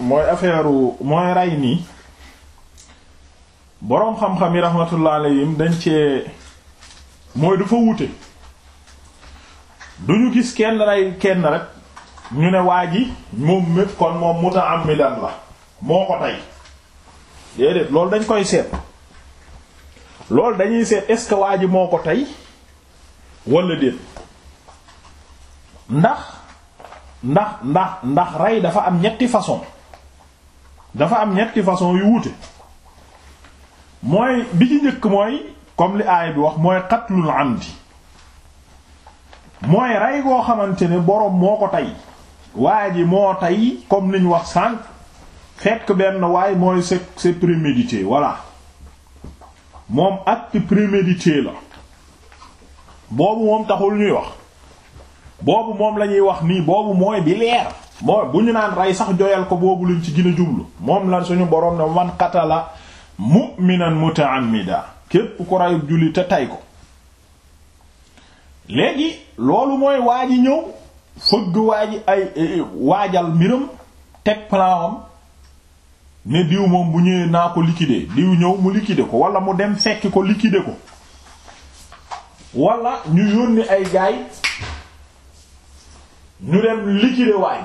mooy affaire mooy rey nii boroom xam-xam yi rahmatullah alayhim dañ cee mooy du fa wuute duñu gis kenn rey kenn rek ñu ne waa ji moom mépp kon moom mutaammidan la moo ko tey déedéet loolu dañ koy seet loolu dañuy seet est-ce que waa ji moo ko tey walla déet ndax ndax ndax ndax rey dafa am ñetti façon dafa am ñetti façon yu wuute mooy bi ci njëkk mooy comme li aaya bi wax mooy qatlul amdi mooy rey goo xamante ne boroom moo ko tey waa ji moo tey comme niñ wax sànq fekk benn waay mooy c'est c'est prémédité voilà moom acte prémédité la boobu moom taxul ñuy wax boobu moom la ñuy wax nii boobu mooy bi leer mooy bu ñu naan rey sax joyal ko boobu luñ ci gën jublu moom lan suñu boroom ne man qatala mu'minan muta'ammida képp ku rey julli te tay ko léegi loolu mooy waa ji ñëw fëgg waa ay eh, eh, waajal mbiram teg planam ne diw moom bu ñëwee naa ko liquider diw ñëw mu liquider ko wala mu dem fekki ko liquider ko wala ñu yónni ay gaay ñu dem liquider waay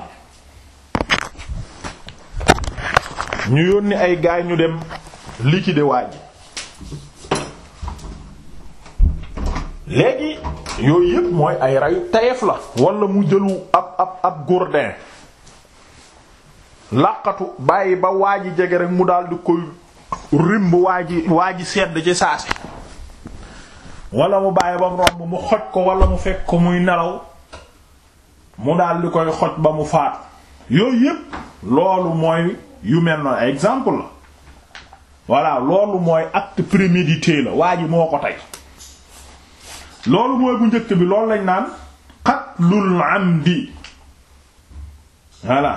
ñu yónni ay gaay ñu dem liquider waa ji léegi yooyu yëpp mooy ay rayu tayef la walla mu jëlu ab ab ab gourdin làqatu bàyyi ba waa ji mu daldi di koy rimb waa ji waa sedd ci saasi wala mu bàyyi ba mu romb mu xoj ko wala mu fekk ko muy nelaw mu daal di koy xoj ba mu faatu yooyu yëpp loolu mooy yu mel exemple la voilà loolu mooy acte prémédité la waa ji moo ko tey loolu mooy bu njëkk bi loolu lañ naan qatlul amdi voilà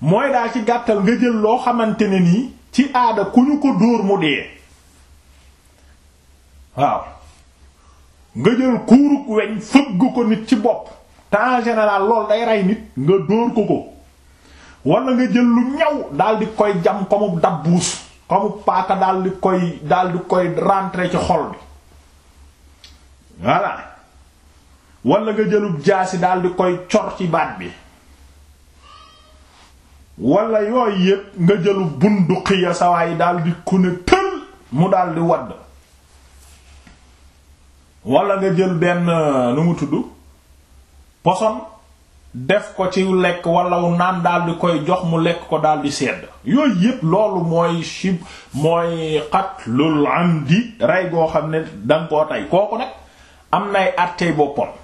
mooy daal ci gàttal nga jël loo xamante ni nii ci aada ku ñu ko dóor mu dee waaw nga jël kuuruk weñ fëgg ko nit ci bopp te en général loolu day rey nit nga dóor ko ko wala nga jël lu ñaw daldi koy jam comme dabbuus comme paaka daal koy daal koy rentrer ci xol bi voilà wala nga jëlub jaasi daal koy cor ci baat bi wala yooyu yépp nga jëlu bunduqiya sawaay daal di ku ne tël mu daal di wadd wala nga jël benn nu mu tudd poson def ko ci lekk wala wu naan daal koy jox mu lekk ko daal di sedd yooyu yépp loolu mooy shib mooy qatlul amdi rey goo xam ne danga koo tey kooku nag am nay àttee boppam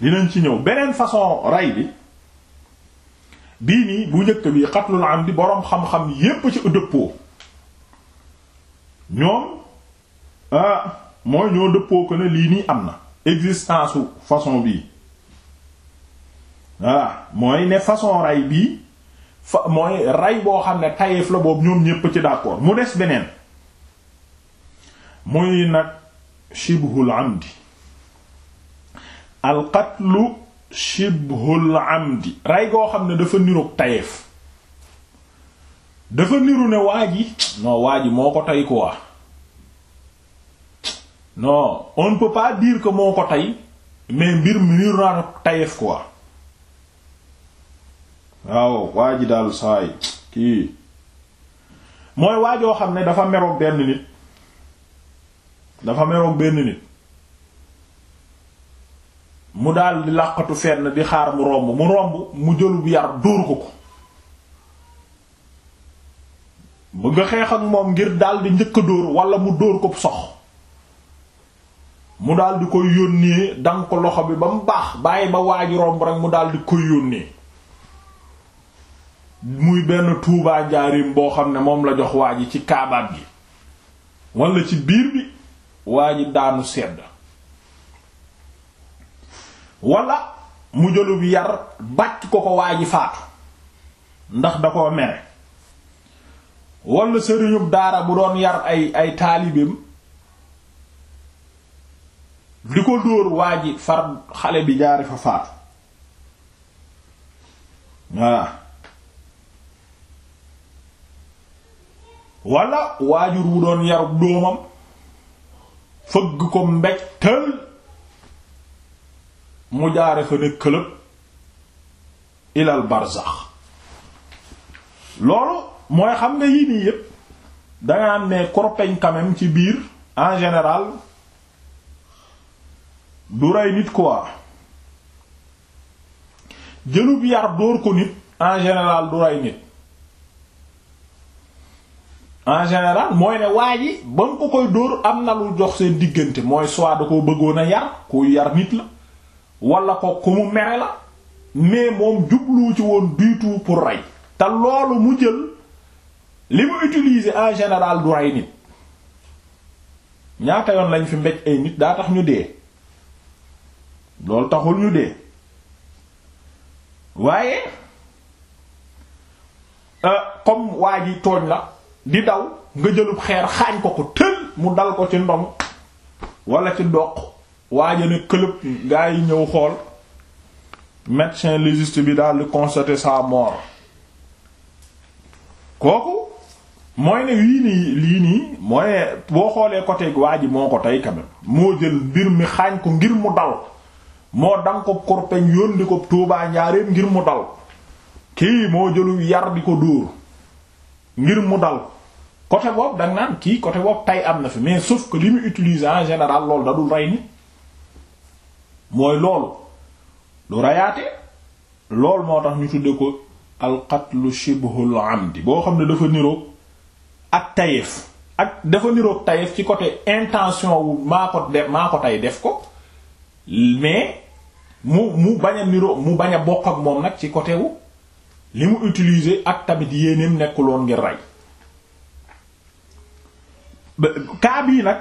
dinañ ci ñëw beneen façon rey bi bii nii bu njëkk bi qatlul di boroom xam-xam yépp ci dëppoo ñoom ah, mooy ñoo dëppoo ko ne lii nii am na existence façon bii voilà ah, mooy ne façon ray bi fa mooy ray boo xam ne tayeef la boobu ñoom ñépp ci d'accord mu des beneen muy nag shibhul amdi al qatlu shibhul amdi ray goo xam ne dafa niroog tayeef dafa niru ne waa ji non waa ji moo ko tay quoi non on ne peut pas dire moo ko tay mais mbir mi niru naa tayeef quoi waaw waa ji daal saay kii mooy waajoo xam ne dafa meroog benn nit dafa meroog benn nit mu daal di làqatu fenn di xaar mu romb mu romb mu jëlub yar dóor ko ko bëgg a xeex ak moom ngir daal di dóor wala mu dóor ko sox mu daldi di koy yónnee danga ko loxo bi ba mu baax bàyyi ba waaju romb rek mu daldi di koy yónnee muy benn tuubaa jaarim boo xam ne moom la jox waa ji ci kaabaat gi walla ci biir bi waa ji daanu sedd walla mu jëlub yar bàcc ko ko waa ji faatu ndax da koo mere walla sëriñub daara bu doon yar ay ay taalibeem di ko dóor waa ji far xale bi jaari fa faatu waa wala waajur wu doon yarub doomam fëgg ko mbejtël mu jaare fa ne këlëb ilal barzax loolu mooy xam nga yii nii yépp danga am ne korpeñ quand ci biir en général du rey nit quoi jëlub yar dóor ko nit en général du rey nit en général mooy ne waa ji ba mu ko koy dóor am na lu jox seen diggante mooy soit da ko bëggoon a yar ku yar nit la walla ko ku mu mere la mais moom jublu ci woon du tout pour rey te loolu mu jël li mu utiliser en général du rey nit ñaata yoon lañ fi mbéj ay nit daa tax ñu dee loolu taxul ñu dee waaye euh, comme waa ji tooñ la di dal nga jëlub xeer xaañ ko ko tël mu dal ko ci ndom walla ci doq waaja ne këlëb gaa yi ñëw xool médecin légiste bi daal di constater sa mort kooku mooy ne yii nii lii nii mooy ne boo xoolee côté waa ji moo ko tey quand moo jël mbir mi xaañ ko ngir mu dal moo dang ko korpeñ yónni ko Tuubaa njaareem ngir mu dal kii moo jëlu yar di ko dóor ngir mu dal côté boobu da nga naan kii côté boobu tay am na fi mais sauf ko li mu utiliser en général loolu da dul rey nit mooy loolu lu rayaate loolu moo tax ñu tudde ko alqatlu shibhul amdi boo xam ne dafa niroog ak tayef ak dafa niroog tayef ci côté intention wu maa ko de maa ko tay def ko mais mu mu bañ a mu bañ a bokk ak moom nag ci côté wu li mu utiliser ak tamit yéeneem nekkuloon ngir rey kaa bii nag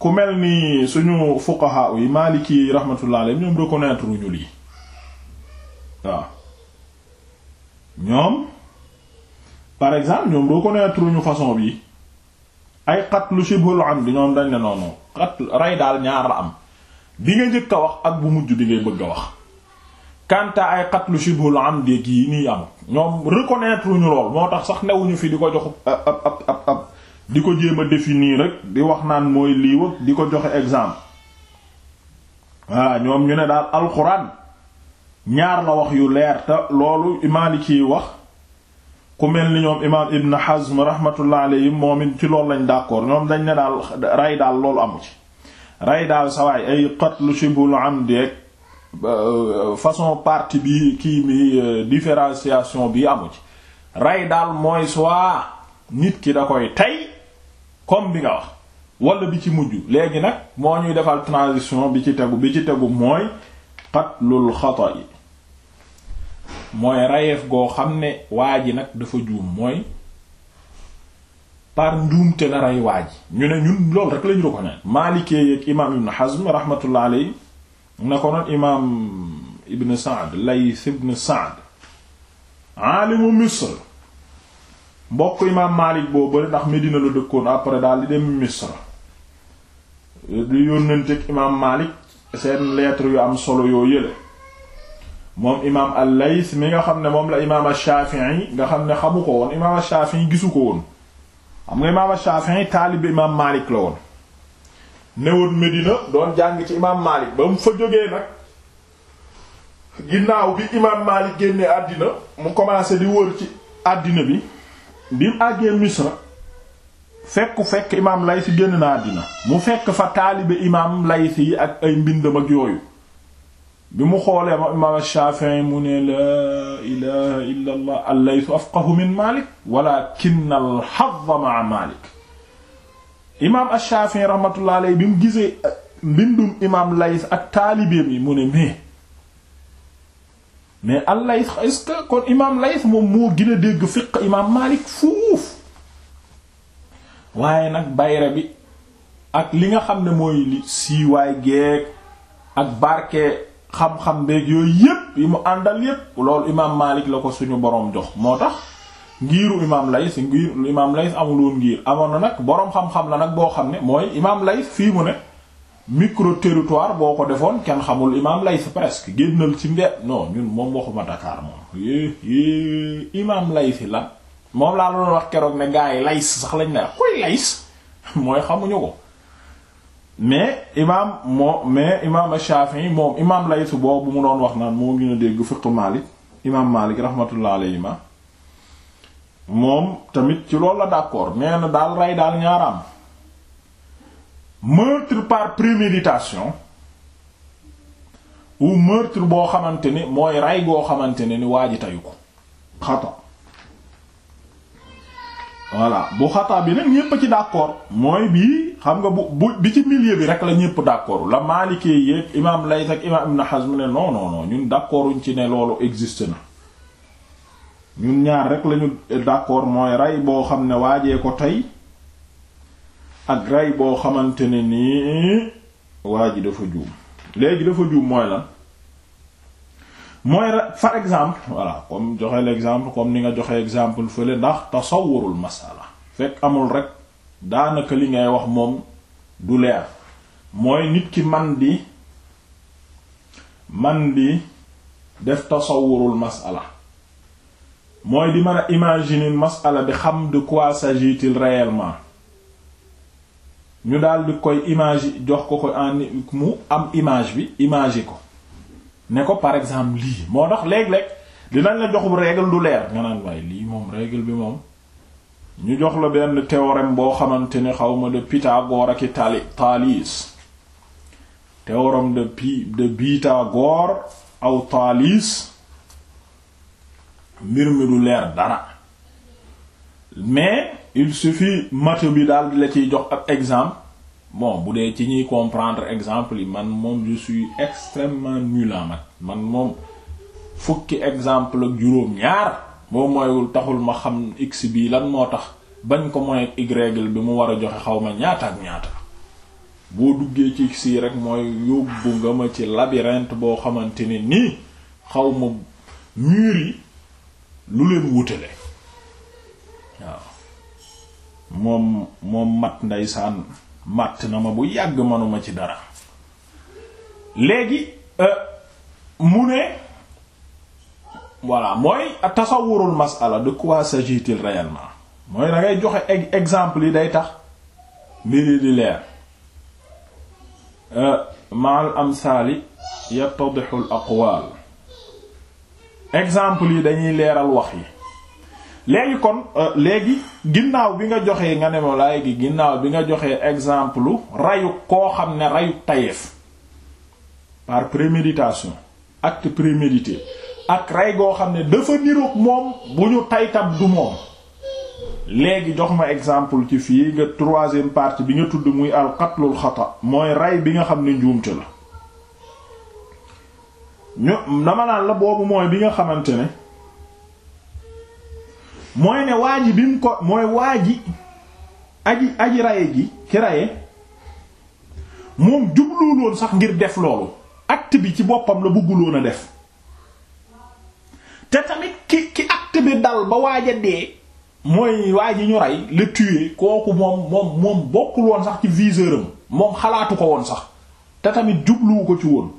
ku mel ni suñu fuqaha yi Maliki rahmatullah alayhi ñoom reconnaître ñu lii waaw ñoom par exemple ñoom reconnaître ñu façon bi ay qatlu shibhul amd ñoom dañ ne noonu qatl rey daal ñaar am di nga njëkk a wax ak bu mujj di ngay bëgg a wax kanta ay qatlu shibhul amd gi nii am ñoom reconnaître ñu lool moo tax sax newuñu fi di ko jox ab ab di ko jéem a définir rek di wax naan mooy liiw wa di ko joxe exemple waa ñoom ñu ne daal alxuraan ñaar la wax yu leer te loolu maaliki yi wax ku mel ni ñoom imaam Ibn Hazm rahmatullah alayhi moom it ci lool lañ d'accord ñoom dañ ne daal rey daal loolu amu ci rey daal sawaay ay qatlu shibul amdi ak euh, façon partie bi kii bi euh, différenciation bi amu ci rey daal mooy soit nit ki da koy tey comme bi nga wax wala bi ci mujj léegi nag moo ñuy defal transition bi ci tegu bi ci tegu mooy qatlul xata yi mooy rayeef goo xam ne waa ji nag dafa juum mooy par njuumte la rey waa ji ñu ne ñun loolu rek lañu reconnaître maalikee yeeg imaam ibn Hazm rahmatullah alayhi na ko noon imaam ibn Sa'd Layth ibn Sa'd aalimu Misr mbokk imaam Maalik boo bëri ndax Medina la dëkkoon après daal di dem Misra di yónnanteeg imaam Maalik seen lettre yu am solo yoo yële moom imaam al mi nga xam ne moom la imaam Shaafi'i nga xam ne xamu ko woon imaam Shaafi'i gisu ko woon xam nga imaam Shaafi'i taalibe imaam Maalik la woon newoon Medina doon jàng ci imaam Maalik ba mu fa jógee nag ginnaaw bi imaam Maalik génne àddina mu commencé di wër ci àddina bi bi mu àggee Misra fekk fekk imaam Layth génn na àddina mu fekk fa taalibe imaam Layth yi ak ay mbindam ak yooyu bi mu xoolee ma imaam Shafi'i mu ne laa ilaha illa allah al-Layth afqahu min Malik walakin al-hadd ma'a Malik imaam Shafi'i rahmatullah alayhi bi mu gisee eh, mbindum imaam Layth ak taalibeem yi mu ne mais mais al Layth est kon imaam Layth moom moo gën dégg fiq imaam Maalik fuuf waaye nag bayre bi ak li nga xam ne mooy li siiwaay geeg ak barke xam-xam beeg yooyu yépp yi mu àndal yépp loolu imaam Maalik la ko suñu boroom jox moo tax ngiiru imaam Layth ngir imaam Layth amul ngiir amoon na nag boroom xam-xam la nag boo xam ne mooy imaam Layth fii mu ne. micro territoire boo ko defoon kenn xamul imaam Layth presque génnal ci mbedd non ñun moom waxuma Dakar moom yee yee imaam Layth la moom laa doon wax keroog ne gars yi Layth sax lañ lay koy Layth mais imaam moo mais imaam Shafi'i moom imaam Layth boobu mu doon wax naan moo gën a dégg fiqh Malik imaam Malik rahmatullah alayhi moom tamit ci loolu la d'accord nee na daal rey daal ñaaraam meurtre par préméditation ou meurtre boo xamante ni mooy ray boo xamante ne ni waa ji tayu ko xata voilà bu xataa bi nag ñépp a ci d'accord mooy bii xam nga bu bu bi ci milieu bi rek la ñépp d'accord la Maliki yépp imaam Layth ak imaam Ibn Hazm ne non non ñun d'accorduñ ci ne loolu existe na ñun ñaar rek lañu d'accord mooy ray boo xam ne waajee ko tey ak rey boo xamante ne nii waa ji dafa juum léegi dafa juum mooy la mooy par exemple voilà comme joxe exemple comme ni nga joxe exemple fële ndax tasawurul masala fekk amul rek daanaka li ngay wax moom du leer mooy nit ki man di man di def tasawurul masala mooy di mën a imaginer masala bi xam de quoi s'agit-il ñu daal di koy image jox ko ko en mu am image bi image ko ne ko par exemple lii moo tax léeg-léeg dinañ la joxub règle du leer nga naan waaye lii moom règle bi moom ñu jox la benn théorème boo xamante ne xaw ma de Pythagore ak Tali Thalès théorème de Pi de Pythagore aw Thalès mbir mi du leer dara mais. il suffit mato bi daal di la ciy jox ab exemple moom bu dee ci ñuy comprendre exemple yi man moom je suis extrêmement nul en man moom fukki exemple ak juróom-ñaar boo mooywul taxul ma xam x bii lan moo tax bañ ko mooy y bi mu war a joxe xaw ma ñaata ak ñaata boo duggee ci x yi rek mooy yóbbu nga ma ci labyrinthe boo xamante ne nii xaw ma mur yi lu leen wutale moom moom mat ndeysaan màtt na ma bu yàgg manuma ci dara léegi euh, mu ne voilà mooy tasawurul masala de quoi s'agit-il réellement mooy da ngay joxe exemple yi day tax mbiri di leer euh, maal amsaali yattadixu al exemple yi dañuy leeral wax yi léegi kon euh, léegi ginnaaw bi nga joxee nga ne ma gi ginnaaw bi nga joxee exemple rayu koo xam ne rayu tayeef par préméditation acte prémédité ak ray goo xam ne dafa niroog moom bu ñu taytab du moom léegi jox ma exemple ci fii nga troisième partie bi nga tudd muy al qatlul xata mooy ray bi nga xam ne njuumte la dama naan la boobu mooy bi nga xamante ne mooy ne waa ko mooy waa ji aji aji raye ji ki raye moom jubluwul sax ngir def loolu acte bi ci boppam la bëggul woon a def te tamit ki ki bi dal ba waaj a dee mooy waa ji ñu rey le tuer kooku moom moom bokkul woon sax ci viseur am moom xalaatu ko woon sax te tamit jubluwu ko ci woon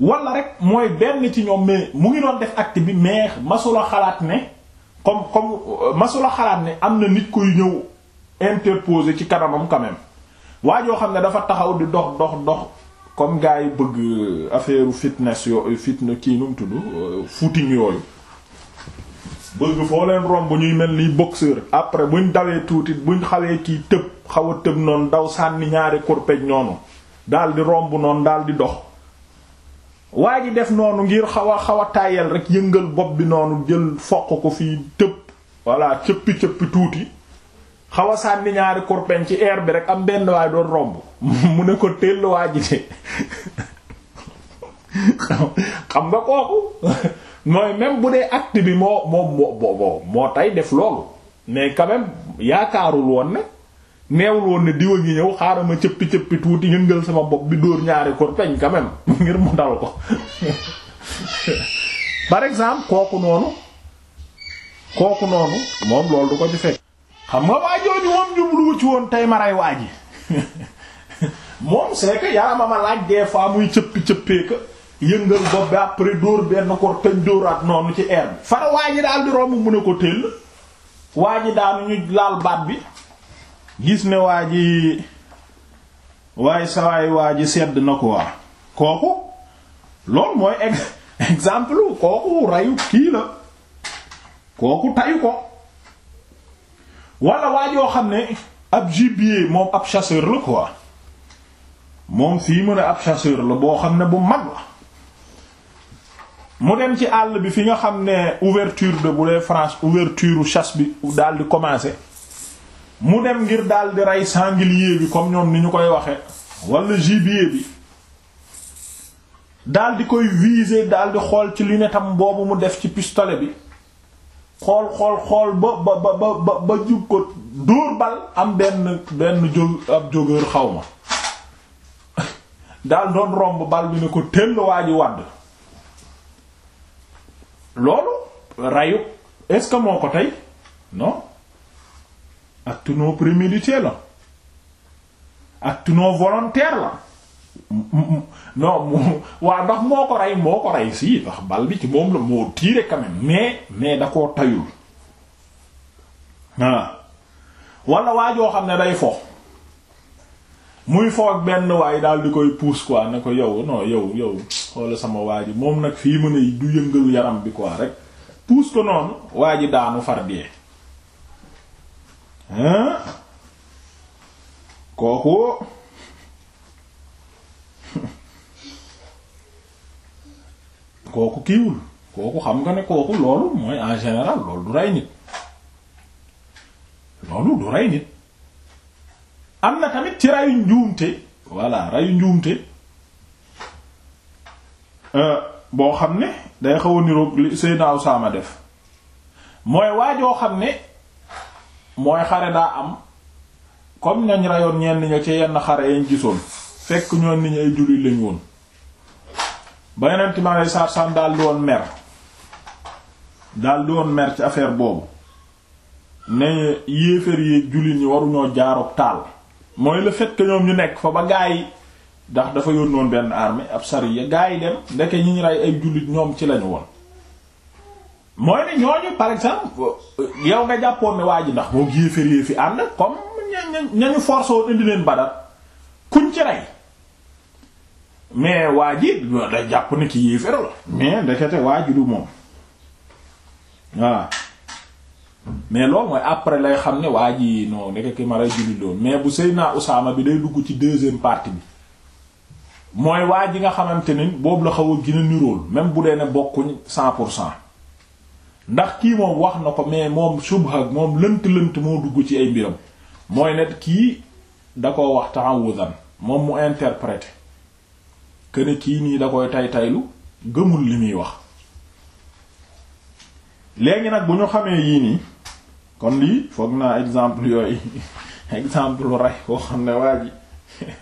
wala rek mooy benn ci ñoom mais mu ngi doon def acte bi mais masula xalaat ne comme comme euh, masula xalaat ne am na nit koy ñëw interposer ci kanamam quand waa joo xam ne dafa taxaw di dox dox dox comme gars yi bëgg euh, affaire fitness yo euh, fitna kii nu mu tudd footing yooyu bëgg foo leen romb ñuy mel ni boxeur après buñ dawee tuuti buñ xawee kii tëb xaw a tëb noonu daw sànni ñaari kurpej noonu daal di romb noonu daal di dox waa ji def noonu ngir xaw a xaw a rek yëngal bopp bi noonu jël foq ko fii tëb voilà cëppi cëppi tuuti xaw a sànni ñaari kurpeñ ci air bi rek am benn waay doon romb mu ne ko teel waa ji de xam nga kooku mooy même bu dee acte bi moo moo moo moo moo tey def loolu mais quand même yaakaarul woon ne. neewul woon ne diwa ngi ñëw xaaral ma cëppi cëppi tuuti yëngal sama bopp bi dóor ñaari kor peñ quand même ngir mu dal ko par exemple kooku noonu kooku noonu moom loolu du ko ci fekk. xam nga waa jooju moom jubluwu ci woon tey ma rey waa ji moom c'est que yaramam laaj des fois muy cëppi cëppee que yëngal bopp bi après dóor benn kor dóoraat noonu ci air bi. waa ji daal di romb mu ne ko tëll waa ji daal ñu laal baat bi. gis ne waa ji waaye sawaay waa ji sedd na ko waa kooku loolu mooy exemple kooku rayu kii la kooku tayu ko wala waa joo xam ne ab gibier moom ab chasseur la quoi moom fii mu ab chasseur la boo xam ne bu mag la mu dem ci àll bi fi nga xam ne ouverture de bu dee France ouverture chasse bi daal di commencer mu dem ngir daal di rey sanglier bi comme ñoom ni ñu koy waxe wala gibier bi daldi koy viser daal xool ci lunette am boobu mu def ci pistolet bi xool xool xool ba ba ba ba ba jub ko dóor bal am benn benn jóg ab jógër xaw ma daal doon romb bal bi ne ko tëll waa ji wadd loolu rayu est ko tey non acte non prémédité la acte non volontaire la non mu ndax moo ko rey moo ko rey si ndax bal bi ci moom la moo tiré quand mais mais da koo tayul voilà wala waa joo xam ne day fo muy fo ak benn waay daal di koy pousse quoi ne ko yow non yow yow xoola sama waaj ji moom nag fii mu ne du yëngalu yaram bi quoi rek pousse ko noonu waa daanu far dee kooku kooku kiiwul kooku xam nga ne kooku loolu mooy en général loolu du rey nit loolu du rey nit am na tamit ci reyu njuumte voilà reyu njuumte euh, boo xam ne day xaw a niroog li Seydina Usaama def mooy waajoo xam ne mooy xare daa am comme ñañ rayoon ñenn ña ci yenn xare yañ gisoon fekk ñoon ni ñu ay jullit lañ woon ba yeneen time ay saar saam daal di woon mer daal woon mer ci affaire boobu ne yéeféer yi jullit ñi waruñoo jaarook taal mooy le fait ñoom ñu nekk fa ba gaa yi ndax dafa yónnoon benn armée ab sariya gaa yi dem ndeke ñi ñu rey ay jullit ñoom ci lañu woon mooy ne ñooñu par exemple yow nga jàppoon ne waa ji ndax moo yéefar yée fi ànd comme ña ñu force woon indi leen Badar kuñ ci rey mais waa ji da jàpp ne ki yéefar la mais ndekete waa ji du moom voilà mais loolu mooy après lay xam ne waa ji noo nekk ki ma rey jullit loolu mais bu Seydina Usaama bi day dugg ci deuxième partie bi mooy waa ji nga xamante ni boobu la xaw a gën a nirool même bu dee ne bokkuñ cent pour cent ndax kii moom wax na ko mais moom subha ak moom lënt-lënt moo dugg ci ay mbiram mooy net kii da ko wax ta'awudan moom mu interpréter que kii nii da koy tay taylu gëmul li muy wax léegi nag bu ñu xamee yii nii kon lii foog naa exemple yooyu exemple ray koo xam ne waa ji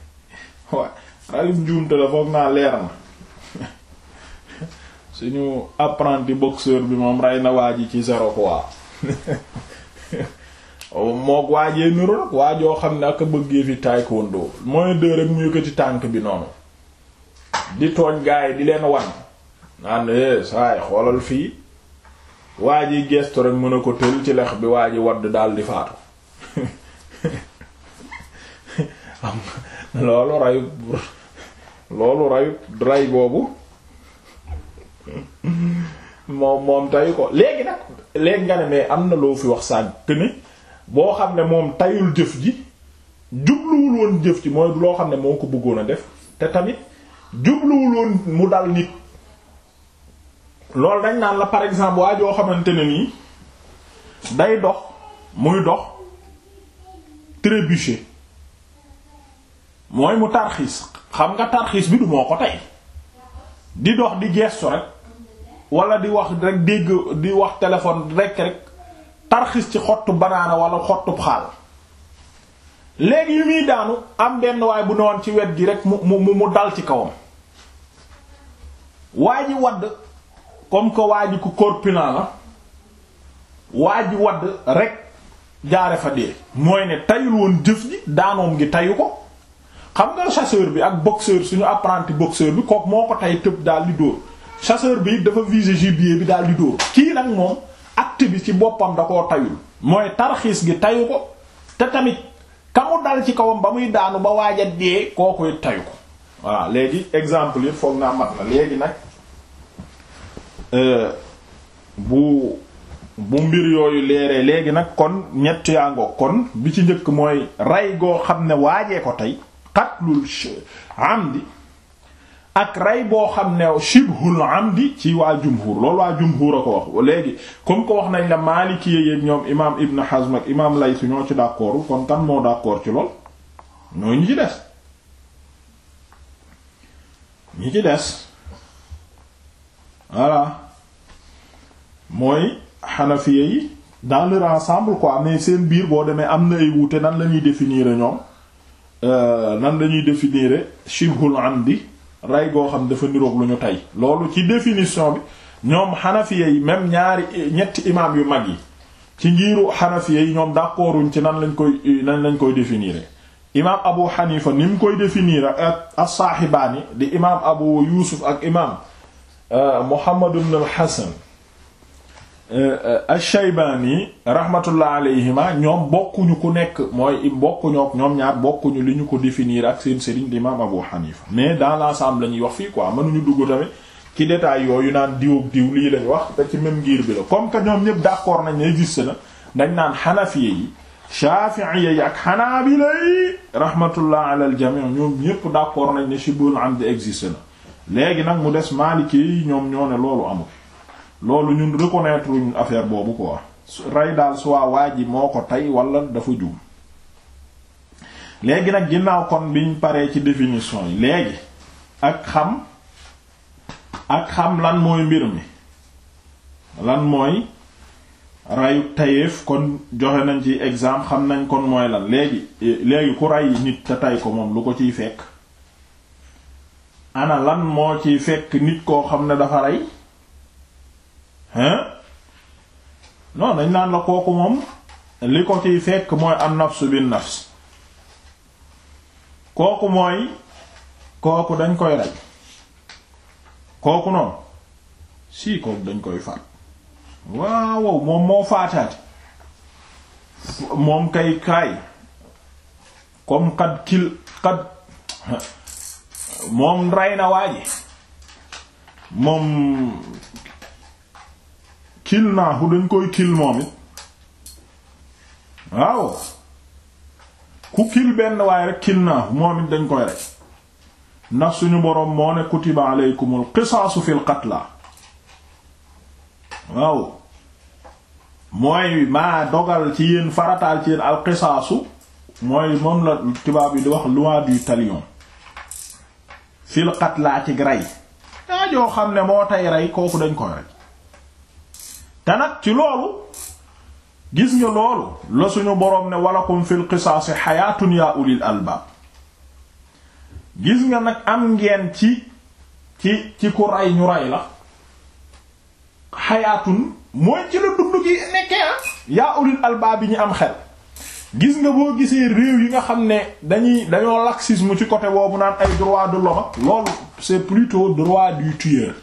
waa rayum njuumte la foog naa leer na suñu apprenti boxeur bi moom rey na waa ji ci zéro quoi mook waajee niru nag waajoo xam ne ak bëggee fi taekwondo mooy deux rek mu yëkkati tànk bi noonu di tooñ gaay di leen wan naan eh, saay xoolal fii waa ji gestu rek mën a ko tël ci lex bi waa ji wadd daal di faatu loolu rayut loolu rayut ray boobu moom moom tayu ko léegi nag léegi nga am na loo fi wax sànq ne boo xam ne moom tayul jëf ji jubluwul woon jëf ji mooy loo xam ne moo ko bëggoon a def te tamit jubluwul woon mu dal nit loolu dañ naan la par exemple waa joo xamante ne nii day dox muy dox trébucher mooy mu tarxiis xam nga tarxiis bi du moo ko tey di dox di geestu rek wala di wax rek dégg di wax téléphone rekk rekk tarxis ci xottu banaana wala xottu xaal léegi yu muy daanu am benn waay bu newoon ci wet gi rek mu mu mu dal ci kawam waa ji wadd comme que waa ji ku corpulent la waa ji wadd rek jaare fa dee mooy ne tayul woon jëf ji daanoom gi tayu ko xam nga chasseur bi ak boxeur suñu apprenti boxeur bi kook moo ko tay tëb daal di dóor chasseur bi dafa viser gibier bi daal di dóor kii nag moom act bi ci boppam da koo tayul mooy tarxiis gi tayu ko te tamit ka mu dal ci kawam ba muy daanu ba waaj a dee kooku tayu ko voilà léegi exemple yi foog naa mat na léegi nag euh, bu bu mbir yooyu leeree léegi nag kon ñett yaangoo kon bi ci njëkk mooy rey goo xam ne waajee ko tey xatlul amdi ak rey boo xam ne shibhul amdi ci waa jumhur loolu waa jumhur a ko wax léegi comme ko wax nañ la Maliki yeeg ñoom imaam Ibn Hazm ak imaam Layth ñoo ci d'accord kon kan moo d'accord ci lool ñoo ñi ci des ñi ci des voilà mooy Hanafiya yi dans leur ensemble quoi mais seen biir boo demee am na ay wuute nan la ñuy définir ñoom euh, nan lañuy ñuy définir shibhul amdi rey goo xam dafa niroog lu ñu tey loolu ci définition bi ñoom xanafiya yi même ñaari ñetti imaam yu mag yi ci ngiiru xanafiya yi ñoom d'accorduñ ci nan lañ koy nan lañ koy définir imaam abu xanifa ni mu koy définir ak as-saaxibaani di imaam abu yusuf ak imaam euh, muhammad ibn al-hasan Euh, euh, Ash-Shaybani rahmatullah alayhima ñoom bokkuñu ku nekk mooy bokkuñoo ak ñoom ñaar bokkuñu li ñu ko définir ak seen sëriñ di imaam Abu Hanifa mais dans l'ensemble la ñuy wax fii quoi mënuñu dugg tamit ci détail yooyu naan diw ak diw lii wax te ci même ngir bi la comme que ñoom ñëpp d'accord nañ ne existe na dañ naan xanafiye yi shafi'iye yi ak xanaabila yi rahmatullah ala al jami' ñoom ñëpp d'accord nañ ne shibul amd existe na léegi nag mu des maliki ki ñoom ñoo ne loolu amul loolu ñun reconnaître ñu affaire boobu quoi rey daal soit waa ji moo ko tey walla dafa juum léegi nag ginnaaw kon biñ paree ci définition yi léegi ak xam ak xam lan mooy mbir mi lan mooy reyu tayeef kon joxe nañ ci exemple xam nañ kon mooy lan léegi léegi ku rey nit te tay ko moom lu ko ciy fekk ana lan moo ciy fekk nit koo xam ne dafa rey hein non dañ naan la kooku moom li ko ciy fekk mooy an nafsu bin nafs kooku mooy kooku dañ koy rey kooku noonu si kooku dañ koy faat waaw moom moo faataati moom kay kaay comme xad kil xad moom rey na waaji moom kil naahu dañ koy kil moom it waaw ku kil benn waaye rek kil naahu moom it dañ koy rek ndax suñu boroom moo ne kutiba aleykumul qisaasu fil qatla waaw mooy maa dogal ci yéen farataal ci yéen al qisaasu mooy moom la tubaab yi di wax loi du talion fil qatla ci rey daa joo xam ne moo tey rey kooku dañ koy rey te nag ci loolu gis nga loolu la suñu boroom ne walakum fil qisaasi xayaatun yaa ulil albaab gis nga nag am ngeen ci ci ci ku ray ñu ray la xayaatun mooy ci la dund gi nekkee ah. yaa ulil albaab yi ñu am xel gis nga boo gisee réew yi nga xam ne dañuy dañoo laxisme ci côté boobu naan ay droit de l'homme loolu c'est plutôt droit du tueur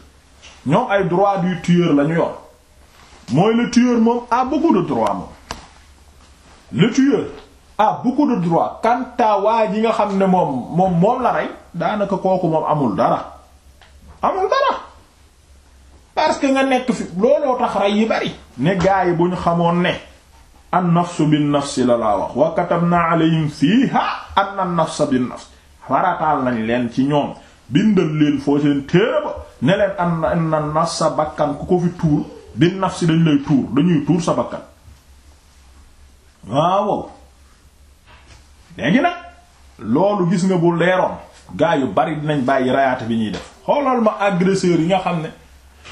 ñoom ay droit du tueur lañu yor mooy le tueur moom a beaucoup de droits moom le tueur a beaucoup de droits waa ji nga xam ne moom moom moom la rey daanaka kooku moom amul dara amul dara parce que nga nekk fi looloo tax rey yi bari ne gaa yi bu ñu xamoon ne an nafsu bin nafsi la laa wax wa katabna alayhim fiha anna nafsa bin nafs farataal nañ leen ci ñoom bindal leen foo seen téere ba ne leen na nafsa bakkan ku ko fi tuur bi nafsi si lay tuur dañuy tuur sa bakkan waaw léegi nag loolu gis nga bu leeroon gaa yu bari dinañ bàyyi rayaate bi ñuy def xoolal ma agresseur yi nga xam ne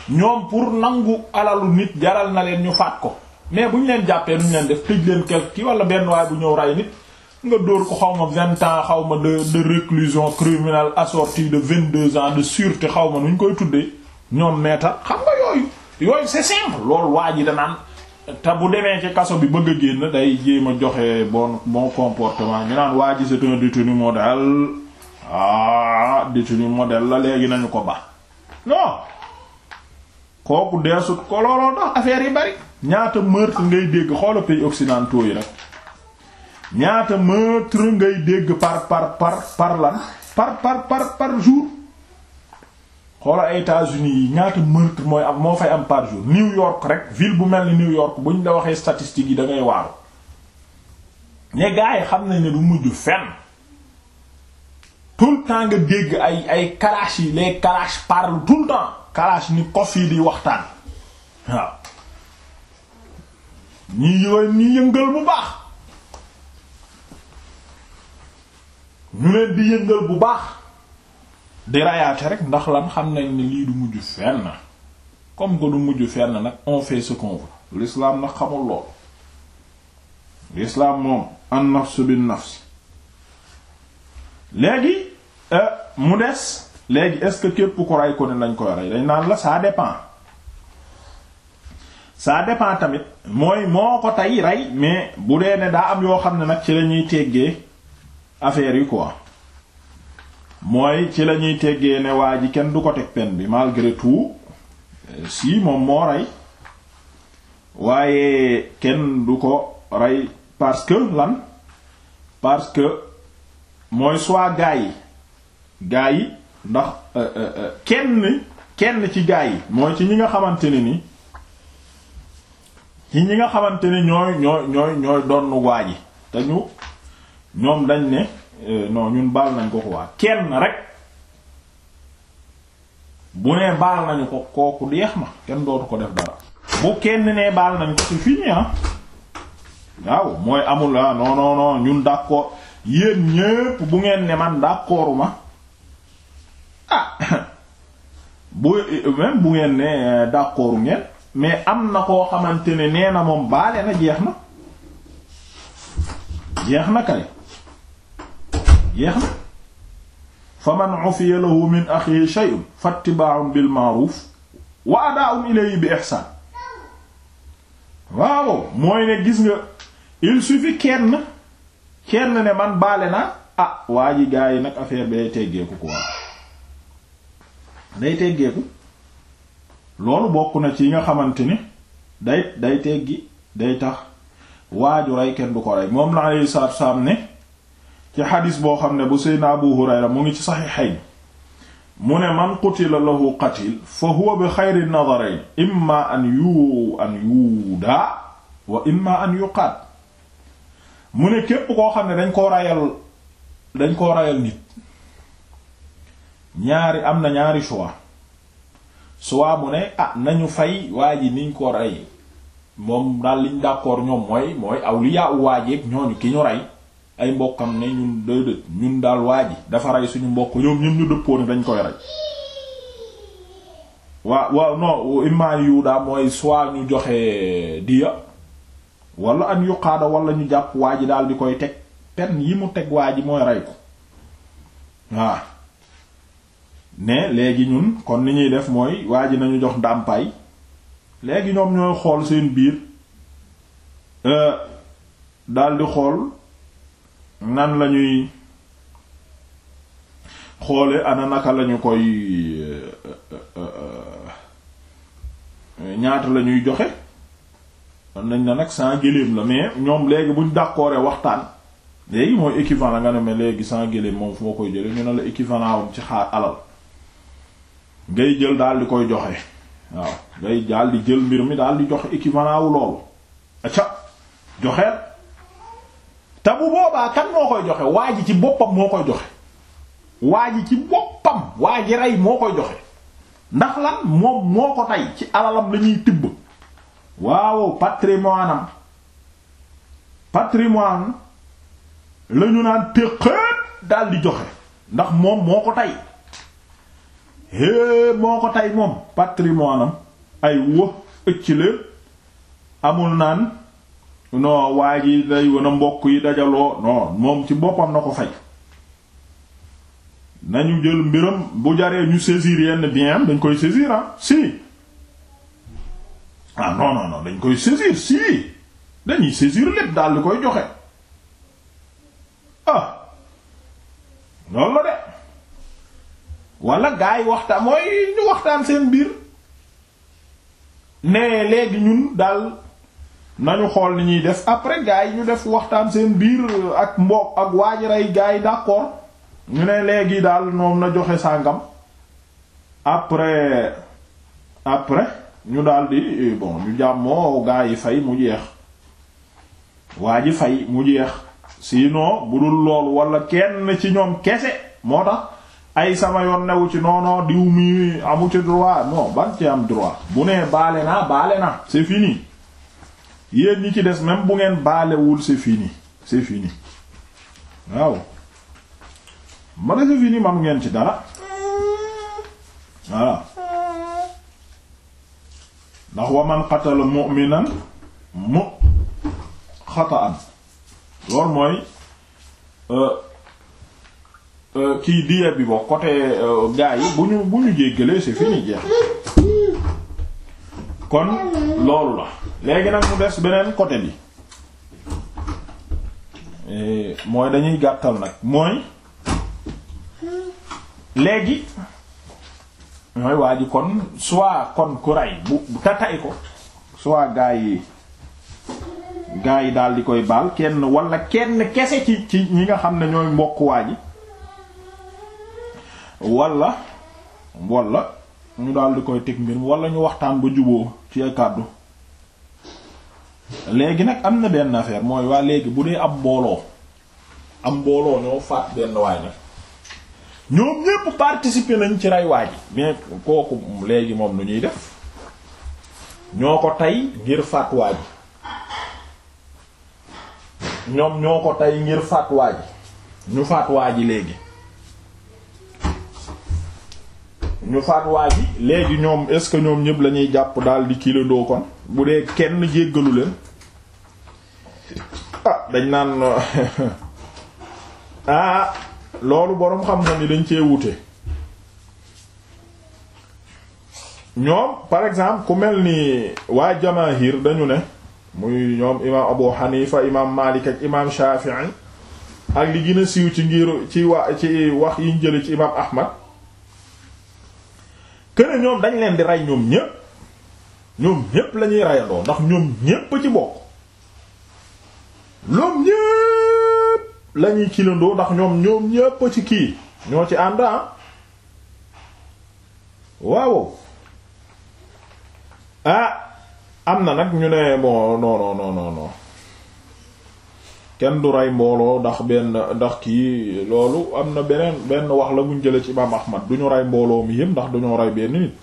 ñoom pour nangu alalu nit jaral na leen ñu faat ko mais bu ñu leen jàppee nu ñu leen def tëj leen quelque kii wala benn waay bu ñëw ray nit nga dóor ko xaw ma vingt ans xaw ma de de réclusion criminelle assortie de vingt deux ans de sûreté xaw ma nu ñu koy tuddee ñoom meetar xam nga yooyu yooyu c'est simple loolu waa ji danaan te bu demee kaso bi bëgg a génn day jéem a joxe bon bon comportement ñu naan waa ji c'est un détenu modèle ah détenu modèle la léegi nañu ko ba non kooku deesut ko looloo tax affaire yi bari ñaata meurtre ngay dégg xoola pays occidentaux yi rek ñaata meurtre ngay dégg par par par par lan par par par par jour xoola États-Unis yi ñaata meurtre mooy am moo fay am par jour New York rek ville bu mel ni New York buñ la waxee statistiques yi da ngay waaru ne xam nañ ni du mujj fenn tout le temps nga dégg ay ay kalash yi les kalash parlent tout le temps kalash ni kof yi di waxtaan waaw ñii ñii yëngal bu baax ñu leen di yëngal bu baax di rayaate rek ndax lan xam nañ ne lii du mujj fenn comme que du mujj fenn nag on fait ce qu'on veut nag xamul lool l'islam moom an nafs bin nafs léegi euh, mu des léegi est-ce que képp ku rey ko ne lañ koy rey dañ naan la saa dépend ça dépend tamit mooy moo ko tey rey mais bu dee ne daa am yoo xam ne nag ci lañuy teggee affaire yi quoi mooy ci la ñuy teggee ne waa ji kenn du ko teg peine bi malgré tout euh, si moom moo rey waaye kenn du ko rey parce que lan parce que mooy soit gaa yi gaa yi ndax euh, euh, kenn kenn ci gaa yi mooy ci ñi nga xamante ne ni ñi ñi nga xamante ni ñooy ñooy ñooy ñooy waa ji te ñu ñoom dañ ne Euh, no ñun baal nañ ko ko quoi kenn rek bu nee baal nañu ko kooku deex ma kenn dootu ko def dara bu kenn nee baal nañ ko c'est fini ah waaw mooy amul ah non non non ñun d'accord yéen ñépp bu ngeen ne man d'accorduma ah bu même bu ngeen ne euh, d'accord ngeen mais am na koo xamante ne nee na moom baale na jeex na jeex na kay. jeex na fa man ufiya lahu min axihi shay'un fattiba'un bil ma'ruf wa ada'un ilayhi bi ihsan waaw mooy ne gis nga il suffit kenn kenn ne man baale na ah waa ji gaa yi nag affaire bi day teggeeku ko day teggeeku loolu bokk na ci yi nga xamante ni day day teggi day tax waaju rey kenn du ko rey moom la alayhi salaatu salaam ne ci xadis boo xam ne bu seydna abu hurayra mu ngi ci saxiixayn mu ne man qutila lahu qatil fa huwa bi xayri nadarayn imma an yu an yuudaa wa imma an yuqaat mu ne képp koo xam ne dañ koo rayal dañ koo rayal nit ñaari am na ñaari choix soit mu ne ah nañu fay waa ji niñ ko rey moom daal liñ d'accord ñoom mooy mooy awliya u waajeeg ñooñu ki ñu rey ay mbokkam na ñun déedéet daal waa ji dafa suñu mbokk ñoom ñun dañ koy raj waaw waaw non yu daa mooy soit ñu joxe diya wala an yuqaada walla ñu jàpp waa ji daal di koy teg pen yi mu teg waa ji mooy rey ko waaw ne léegi ñun kon ni ñuy def mooy waa ji nañu jox ndàmpaay léegi ñoom ñooy xool seen biir euh, daldi xool nan lañuy xoole ana naka lañu koy euh, euh, euh, ñaata lañuy joxe man nañ na nag sans gëléem la mais ñoom léegi buñ dàqooree waxtaan léegi mooy équivalent nga ne mais léegi sans gëléem moom foo koy jële ñu ne la équivalent wam ci xaar alal ngay jël daal di koy joxe waaw ngay daal di jël mbir mi daal di joxe équivalent wu loolu acca joxeel te bu boobaa moo koy joxe waa ji ci boppam moo koy joxe waa ji ci boppam waa ji rey moo koy joxe ndax lan moom moo ko tey ci alalam la tibb waaw patrimoine am patrimoine la ñu naan téqéet daal di joxe ndax moom moo ko tey é moo ko tey moom patrimoine am ay wë ëcc leen amul naan non waa ji day wan a mbokk yi dajaloo non moom ci boppam na ko fay nañu jël mbiram bu jaree ñu saisir yenn bien dañ koy saisir ah si ah, non non non dañ koy saisir si dañuy saisir lépp daal di koy joxe ah la de wala gaa yi waxtaan mooy ñu waxtaan seen biir ne léegi ñun daal. nañu xool ni ñuy def après gars yi ñu def waxtaan seen biir ak mbokk ak waajaray gars yi d'accord ñu ne léegi daal moom na joxe sàngam après après ñu daldi eh, bon ñu jàmmoo gars yi fay mu jeex waaji fay mu jeex no bu dul loolu wala kenn ci ñoom kese moo tax ay sama yoon newu ci non non diw mi amu ci droit non ban ci am droit bu nee baale naa baale na c'est fini yéen ñi ci des même bu ngeen baalewul c'est fini c'est waaw ma ne c'est ngeen ci dara voilà ndax wa man qatala mu'minan mu xata'an loolu mooy euh, euh, kii diya bi boo côté euh, gaa yi bu ñu bu ñu jéggalee c'est fini jeex kon loolu la léegi nag mu des beneen côté bi eh, mooy dañuy gàttal nag mooy léegi ñooy waa kon soit kon ku rey bu te ko soit gaa yi gaa yi daal di koy baal kenn walla kenn kese ci ci ñi nga xam ne ñooy mbokk waa ji wala wala ñu daal di koy teg mbir wala ñu waxtaan ba juboo ci ay kàddu léegi nag am na benn affaire mooy waa léegi bu dee am mbooloo am mbooloo ñoo faat benn waay nag ñoom ñépp participer nañ ci rey waa ji mais kooku léegi moom lu ñuy def ñoo ko tey ngir faat waa ñoom ñoo ko tey ngir faat waa ñu faat waa ji léegi ñu faat waa ji léegi ñoom est-ce que ñoom ñépp lañuy jàpp daal di kilandoo kon bu dee kenn jéggalu leen ah dañ naan ah, loolu boroom xam-xam ni dañ cee wute ñoom par exemple ku mel ni waa jamaahir dañu ne muy ñoom imaam Abu Hanifa imaam Malik ak imaam Shafi'i ak li gën a siiw ci ngiru ci wa ci wax yi jële ci imaam Ahmad kene ñoom dañ leen di rey ñoom ñépp ñoom ñépp la ñuy ndax ñoom ñépp ci bokk ñoom ñépp la ñuy ndax ñoom ñoom ñépp ci kii ñoo ci ànd ah waaw ah am na nag ñu ne bon no non non non non kenn du rey mbooloo ndax benn ndax kii loolu am na beneen benn wax la buñ jëlee ci imaam Ahmad du ñu rey mbooloo mi yëpp ndax du ñu rey benn nit.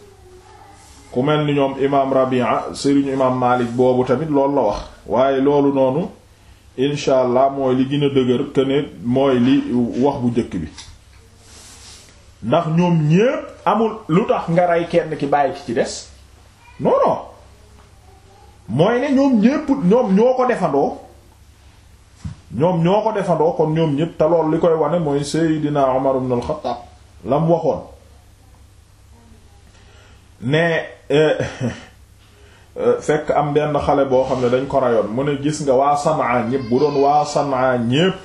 ku mel ni ñoom imaam Rabia sëriñu imaam Maalik boobu tamit loolu la wax waaye loolu noonu incha allah mooy li gën a dëgër que ne mooy li wax bu njëkk bi ndax ñoom ñépp amul lu tax nga rey kenn ki bàyyi ki ci des non mooy ne ñoom ñépp ñoom ñoo ko defandoo ñoom ñoo ko defandoo kon ñoom ñépp te loolu li koy wane mooy Seydina Umar ibn al la mu waxoon. ne eh, eh, fekk am benn xale boo xam ne dañ ko rayoon mu ne gis nga waa Sanaa ñépp bu doon waa Sanaa ñépp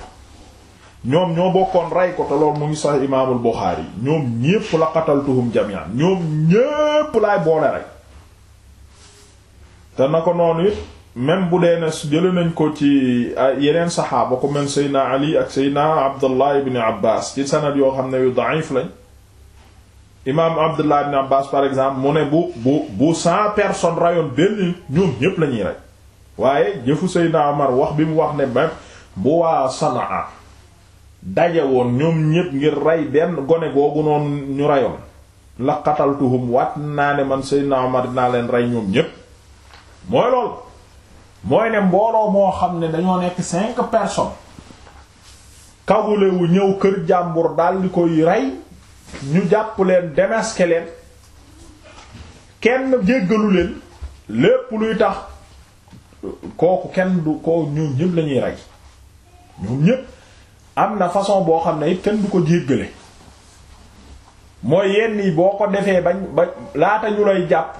ñoom ñoo bokkoon rey ko te mu ngi sax imaamul Buxaari ñoom ñépp la qataltuhum jami'an ñoom ñépp laay boole rek te na ko noonu it même bu dee ne jële nañ ko ci yeneen saxaaba ko men Seydina Ali ak Seydina Abdullah ibn Abbas ci sanad yoo xam ne yu da'if lañ imaam Abdullah ibn Abbas par exemple mu ne bu bu bu cent personnes rayoon benn ñoom ñépp la ñuy waaye jëfu Seydina Omar wax bi mu wax ne ba bu waa Sanaa daje woon ñoom ñépp ngir rey benn gone googu noonu ñu rayoon la qataltuhum waat naa ne man Seydina Omar dinaa leen ray ñoom ñépp mooy loolu mooy ne mbooloo moo xam ne dañoo nekk cinq personnes kawule ñëw kër jàmbur daldi koy rey ñu jàpp leen démasqué leen kenn jéggalu leen lépp luy tax kooku kenn du ko ñoom ñëpp lañuy rey ñoom ñëpp am na façon boo xam ne kenn du ko jéggale mooy yenn yi boo ko defee bañ ba laata ñu lay jàpp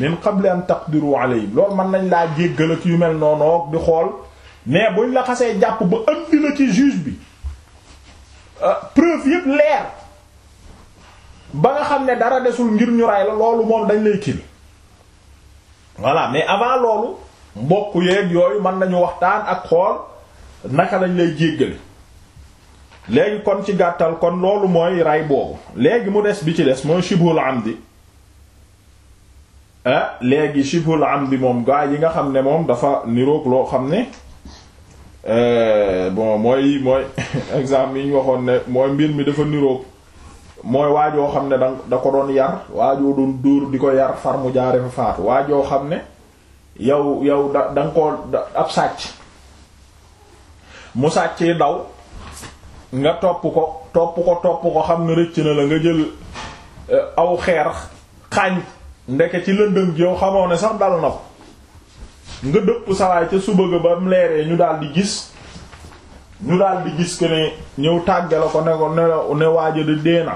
min qabli an taqdiru yi loolu mën nañ laa jéggal ak yu mel noonoog di xool mais buñ laxasee jàpp ba ëndi la ci juge bi euh, preuve yëpp leer ba nga xam ne dara desul ngir ñu ray la loolu moom dañ lay til voilà mais avant loolu mbokk yeeg yooyu man nañu waxtaan ak xool naka lañ lay jéggale léegi kon ci gàttal kon loolu mooy ray boobu léegi mu des bi ci des mooy shibhul amdi ah léegi shibhul amdi moom gaa yi nga xam ne moom dafa niroog loo xam ne euh, bon mooy mooy exemple yi ñu waxoon ne mooy mbir mi dafa niroog mooy waajoo xam ne da da ko doon yar waajoo doon dóor di ko yar far mu jaare fa faatu waajoo xam ne yow yow da danga ko ab sàcc mu sàccee daw nga topp ko topp ko topp ko xam ne rëcc na la nga jël eh, aw xeer xaañ ndeke ci lëndëm gi yow xamoo ne sax dal na ko nga dëpp sawaay ca suba ga ba mu leeree ñu daal di gis ñu daal di gis que ne ñëw tàgge ko ne ko ne waaja di dee na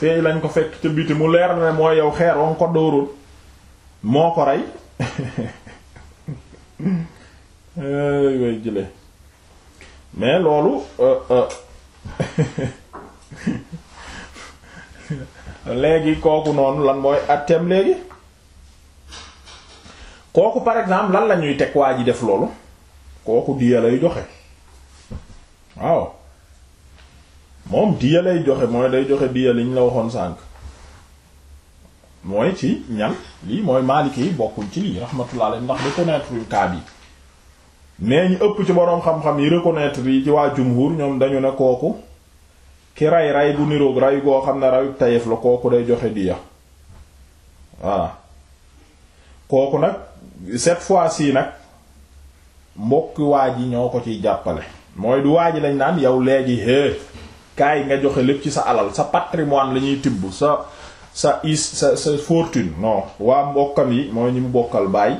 feey lañ ko fekk ca biti mu leer na mooy yow xeer won ko dóoroon moo ko rey jële mais loolu euh, euh, léegi kooku noonu lan mooy àtteem léegi kooku par exemple lan la ñuy teg waa ji def loolu kooku diya lay joxe waaw moom diya lay joxe mooy day joxe diya liñ la waxoon sànq mooy ci ñan lii mooy maaliki yi bokkul ci lii rahmatullah alayhi ndax reconnaître yu cas bi mais ñu ëpp ci boroom xam-xam yi reconnaître yi ci waa jumhur ñoom dañu ne kooku ki ray ray bu niroog ray goo xam ne rayu tayef la kooku day joxe diya voilà kooku nag cette fois-ci nag mbokki waa ji ñoo ko ci jàppale mooy du waa ji lañ naan yow léegi é kaay nga joxe lépp ci sa alal sa patrimoine la ñuy tibb sa sa is sa sa fortune non waa mbokkam yi mooy ñi mu bokkal baay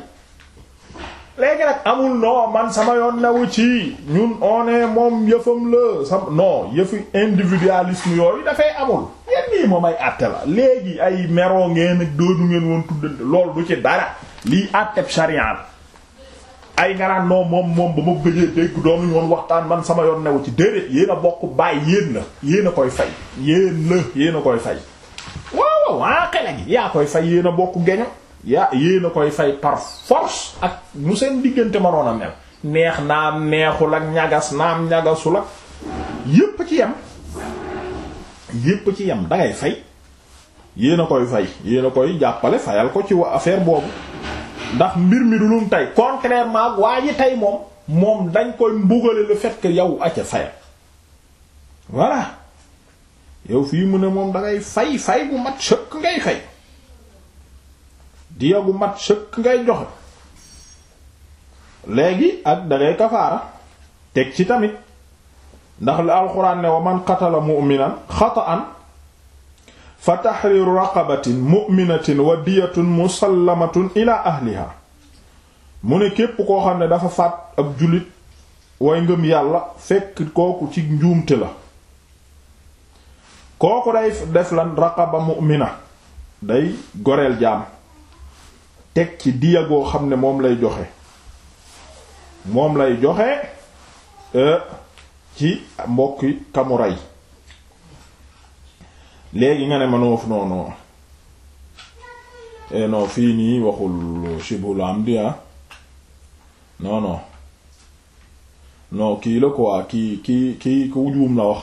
léegi nag amul non man sama yoon newu ci ñun on moom yëfam la sa non yëfi individualisme yooyu dafay amul yenn yi moom ay àtte la léegi ay meroo ngeen ak doodu ngeen woon tuddante loolu du ci dara lii àtteb sharia ay nga naan non moom moom ba ma gëjee dégg doonuñu woon waxtaan man sama yoon newu ci déedéet yéen bokk baay yéen la yéen a koy fay yéen koy fay waaw ah, yéen a bokk geño yaa yéen koy fay par force ak nu seen diggante maroon a mel neex naam neexul ak ñagas naam ñagasul ak yépp ci yem yépp ci yem dangay fay yéen a koy fay yéen koy jàppale fayal ko ci wa boobu ndax mbir mi du lum tey contrairement waa ji tey moom moom dañ koy mbugale le fait que yow acca fayal voilà yow fii mu ne moom dangay fay fay bu mat sëkk ngay fay di gu mat sëkk ngay joxe léegi ak dangay kafaara teg ci tamit ndax la alxuraan ne wa man qatala mu'minan xata'an fa tahriiru raqabatin mu'minatin wa diyatun musallamatun ila ahliha mu ne képp koo xam ne dafa faat ab jullit way ngëm yàlla fekk kooku ci njuumte la kooku day def lan raqaba mu'mina day goreel jaam teg ci diya goo xam ne moom lay joxe moom lay joxe euh, ci mbokki kamu léegi nga ne ma noofu noonu eh fii nii waxul shibul amdi ah non non kii la quoi kii kii kii ku juum la wax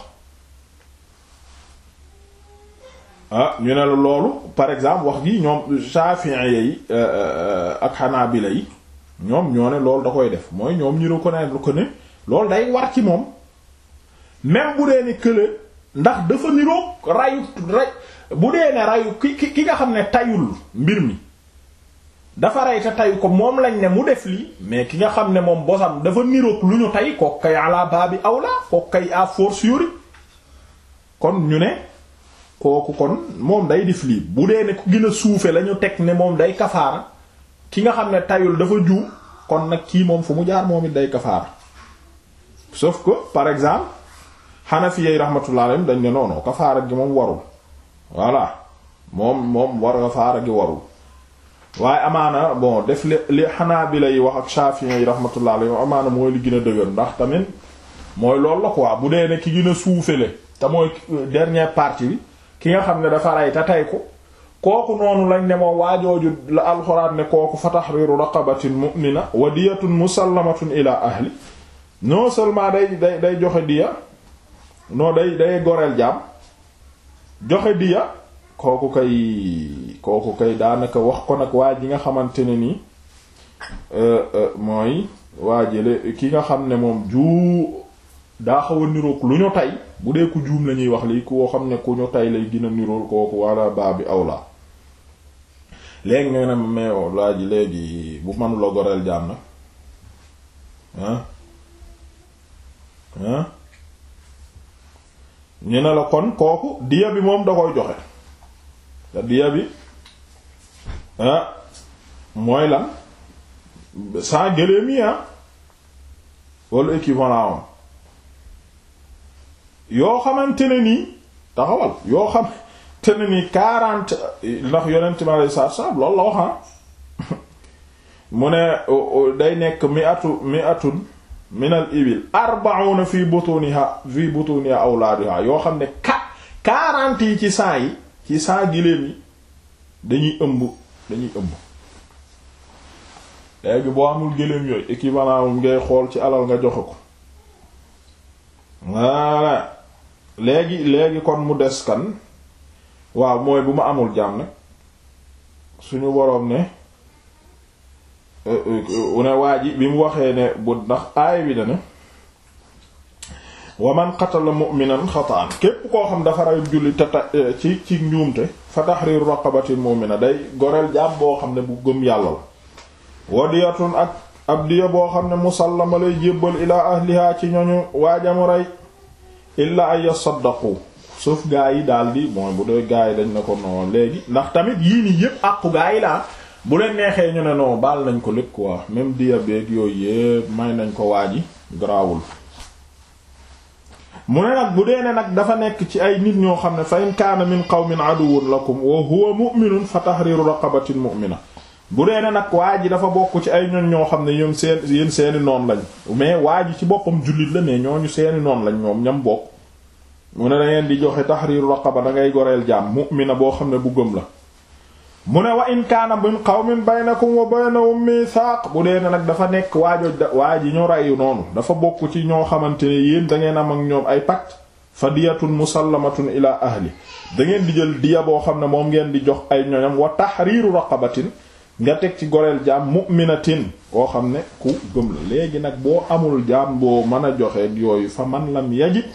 ah ñu ne la loolu par exemple wax gi ñoom Shafi'i yi eh, eh, eh, ak Hanabila yi ñoom ñoo ne loolu da koy def mooy ñoom ñu reconnaître ko ne loolu day war ci moom même bu dee ni kële. ndax dafa niroog rayu ray bu dee ne rayu ki ki nga xam ne tayul mbir mi dafa rey te tayu ko moom lañ ne mu def lii mais ki nga xam ne moom bosam dafa niroog lu ñu tay kook kay ala baabi awla kook kay à force yori kon ñu ne kooku kon moom day def lii bu dee ne ku gën a suufe la teg ne moom day kafaara ki nga xam ne tayul dafa juum kon nag kii moom fu mu jaar moom it day kafaara sauf que par exemple Hanafi yi rahmatullah dañ ne noonu kafaara gi moom warul voilà moom moom war kafaara gi warul waaye amaana bon def li li Hanaabila yi wax ak Shafi'i yi rahmatullah alayhim amaana mooy li gën dëgër ndax tamit mooy loolu la quoi bu dee ne ki gën a suufele te mooy dernière partie bi ki nga xam ne dafa rey te tey ko kooku noonu lañ ne moom waajooju la alxuraan ne kooku fa tahriru raqabatin mu'mina wa diyatun musallamatun ila ahli non seulement day day day joxe diya non day day goreel jaam joxe diya kooku kay kooku kay daanaka wax ko nag waa ji nga xamante ne nii euh, euh, mooy waa jële ki nga xam ne moom juu daa xaw a lu ñu tey bu dee ku juum la ñuy wax lii koo xam ne ku ñu tay lay gën a nirool kooku wala baa bi aw la léegi nga oh, waa ji léegi bu manula goreel jaam na ah ñu ne la kon kooku diya bi moom da koy joxe te diya bi ah mooy lan sans gëléem yi ah wala équivalent am yoo xamante ne nii taxawal yoo xamante ne nii quarante ndax yonent ma lay saab saab loolu la wax mu ne day nekk mi atu mi atun min al ibil arbauna fii butuniha fii butuniha awlaaduha yoo xam ne ka quarante ci cent yi ci cent giléem yi dañuy ëmb dañuy ëmb léegi boo amul géléem yooyu équivalent ngay xool ci alal nga joxe ko léegi léegi kon mu des kan waaw mooy bu ma amul jàmm nag suñu woroom ne ne waa bi mu waxee ne bu ndax aay bi dana wa man qatala mu'minan xataan képp koo xam dafa rey julli te ta eh, ci ci njuumte fa tahriru raqabatin mu'mina day goreel jaam boo xam ne bu gëm yàlla la wadiyatun ak ab boo xam ne musallama lay jébbal ilaa ahliha ci ñoñu waajamu rey illaa ay yasaddaqu suuf gaa yi daal di bon bu dee gaa yi dañ ne ko noonu léegi ndax tamit yii nii yépp àqu gaa yi laa bu leen neexee ñu ne non baal nañ ko lépp quoi même diya beeg yooyu yépp may nañ ko waaji garaawul mu ne nag bu dee ne nag dafa nekk ci ay nit ñoo xam ne fa in kaana min qawmin woon lakum wa huwa mu'minun fa tahriru raqabatin mu'mina bu dee ne nag waa ji dafa bokk ci ay ñoon ñoo xam ne ñoom seen yéen seeni noon lañ mais waa ji ci boppam jullit la ñoo ñu seeni noon lañ ñoom ñam bokk mu ne da ngeen di joxe tahriru raqaba da ngay goreel jaam mu'mina boo xam ne bu la mu ne wa in kaana min qawmin baynakum wa baynahum mithaq bu dee nag dafa nekk waajoj da waa ji ñu reyu noonu dafa bokk ci ñoo xamante ne yéen da ngeen am ak ñoom ay pacte fa diyatun musallamatun ila ahli da ngeen di jël diya boo xam ne moom ngeen di jox ay ñoñam wa tahriru raqabatin nga teg ci goreel jaam mu'minatin koo xam ne ku gëm la léegi nag boo amul jaam boo mën a joxe yooyu fa man lam yajid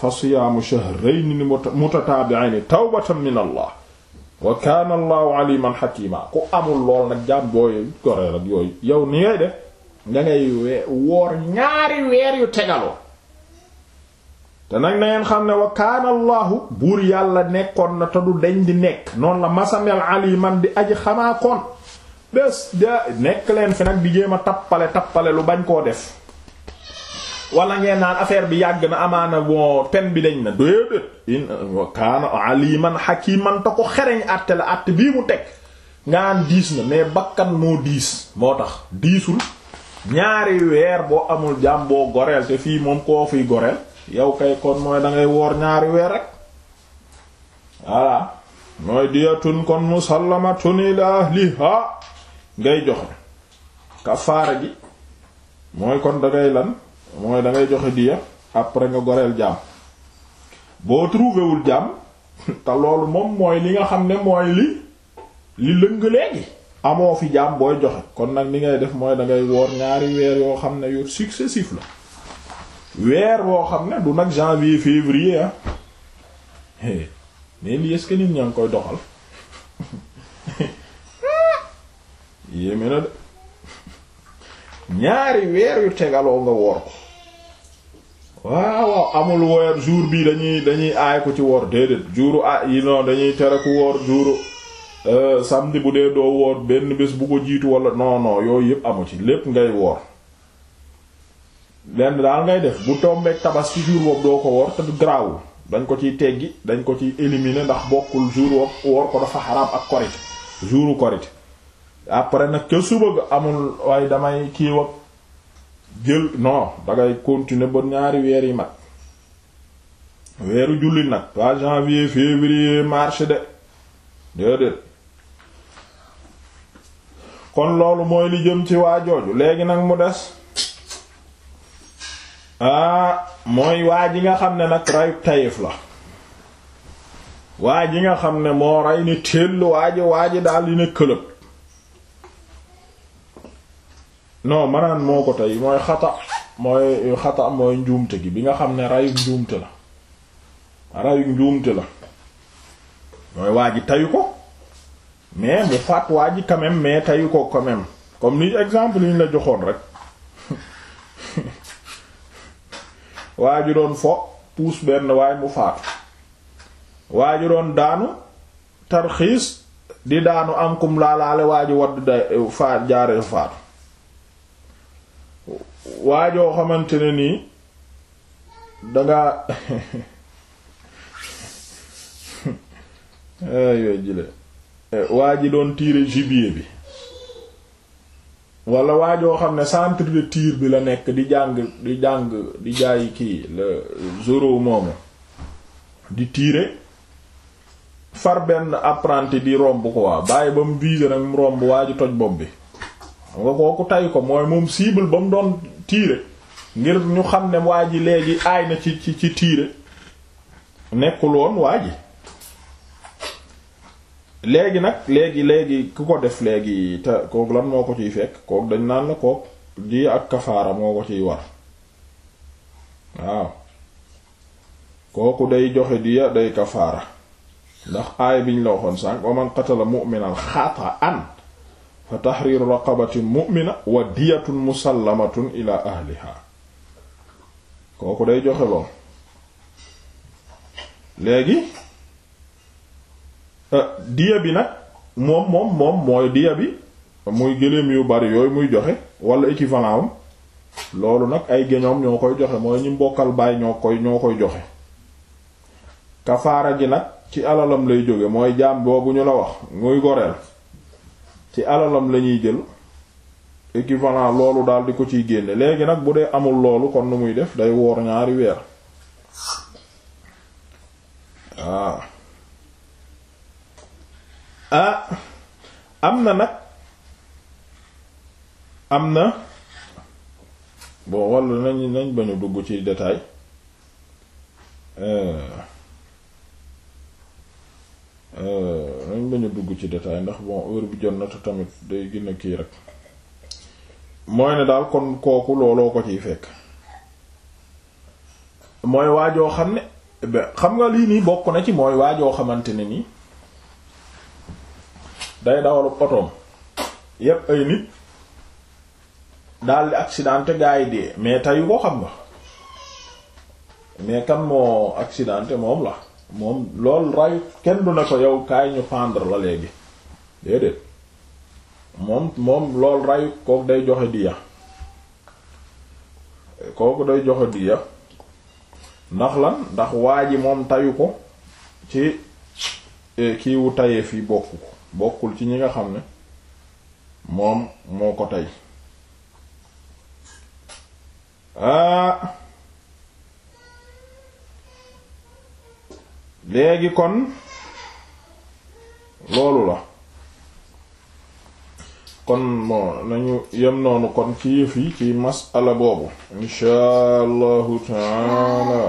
fa siyaamu shahrayni mutatabi'ayni tawbatan min allah wa kaana allahu aliman ku amul lool nag jaam yow ni ngay def da ngay woor ñaari weer yu tegaloo te nag na ngeen xam ne wa kaana allahu buur yàlla nekkoon na te du deñ di nekk noon la masamel aliman di aji xamaa koon bés da nekk leen fi nag di jéem a tappale tappale lu bañ koo def wala ngeen naan affaire bi yàgg na amaana bon pen bi dañ na déedéet in kaana aliman hakiman te ko xereñ àtte la àtte bii mu teg nga naan diis na mais bakkan moo diis moo tax diisul ñaari weer boo amul jàmm boo goreel te fii moom koo fiy goreel yow kay kon mooy da woor ñaari weer rek voilà mooy diyatun kon musallamatun ila ahliha ngay joxe kafaara gi mooy kon dangay ngay lan mooy da ngay joxe diya après nga goreel jaam boo trouvéwul jaam te loolu moom mooy li nga xam ne mooy li li lëng léegi amoo fi jàmm booy joxe kon nag li ngay def mooy dangay ngay woor ñaari weer yoo xam ne yu successif la weer woo xam ne du nag janvier février ah mais lii est-ce nit ñaa ngi koy doxal yéeme na de ñaari weer yu tegaloo nga woor ko waaw amul weer jour bi dañuy dañuy aay ci woor déedéet jouru ah yi non dañuy tere ku woor jouru euh, samedi bu dee doo woor benn bés bu ko jiitu wala non yooyu yëpp amu ci lépp ngay woor lenn daal ngay def bu tombeek tabas ci jour boobu doo ko woor te garaawul dañ ko ciy teggi dañ ko ciy élimine ndax bokkul jour woor ko dafa xaraam ak korite jouru korite après nag ca suba ga amul waaye damay kiiw ak jël non dangay continuer ba ñaari weer yi mat weeru julli nag pas janvier février mars de déedéet kon loolu mooy li jëm ci waa jooju léegi nag mu des ah, mooy waa ji nga xam ne nag reyu tayif la waa ji nga xam ne moo rey ni téll waa ji daal di ne këlëb non manaan moo ko tey mooy xata mooy xata njuumte gi bi nga xam ne rayu njuumte la rayu njuumte la mooy waa ji tayu ko mais mu faat waa ji quand même mais tayu ko quand comme ni exemple yi ñu la joxoon rek waa ji doon fo puus benn waaye mu faatu waa ji doon daanu tarxiis di daanu am kum laa waa ji wadd day faat jaaree faatu waajoo xamante ne nii danga yooyu jile waa ji doon tiire gibier bi wala waajoo xam ne centre de tir bi la nekk di jàng di jàng di jaay kii la zoro moomu di tiire far benn apprenti di romb ko waa bàyyi ba mu viser nag mu romb waa toj bopp bi xam nga kooku tay ko mooy moom cible ba mu doon tiire ngir ñu xam ne waa ji léegi aay na ci ci ci tiire nekkul woon waa ji léegi nag léegi léegi ku ko def léegi te kook lan moo ko ciy fekk kook dañ naan la kook di ak kafaara moo ko ciy war waaw kooku day joxe diya day kafaara ndax aay biñ la waxoon sànq wa man qatala mu'minan xata'an fa tahriru raqabatin na wa diyatun musallamatun ila ahliha kooku day joxe lool léegi eh, diya bi nag moom moom yu bari yooyu muy joxe wala équivalent loolu nag ay géñoom ñoo koy joxe mooy ñi mbokkal baay ñoo koy ñoo koy joxe kafaara ji nag ci alalam lay jóge mooy jaam boobu ñu la wax muy goreel ci alalam lañuy ñuy jël équivalent loolu daal di ko ciy génne léegi nag bu dee amul loolu kon nu muy def day woor ñaari weer waaw am na nag am na bon walla nañ nañ bañu dugg ci détail euh, ci détail ndax bon heure bi jot na te tamit day gën kii rek mooy ne daal kon kooku looloo ko ciy fekk mooy waajoo xam ne xam nga lii nii bokk na ci mooy waajoo xamante ne nii day dawalu otoom yépp ay nit daal di accidenté gaa yi dee mais teyu ko xam nga mais kan moo accidenté moom la moom lool rayu kenn du ne ko yow kaay ñu pendre la léegi déedéet moom moom lool rayu kooku day joxe diya kooku day joxe diya ndax lan ndax waa ji moom tayu ko ci e, kiiwu tayee fi bokku bokkul ci ñi nga xam ne moom moo ko tey ah! léegi kon loolu la kon moo nañu yem noonu kon ci yëf yi ci masala boobu insha allahu taala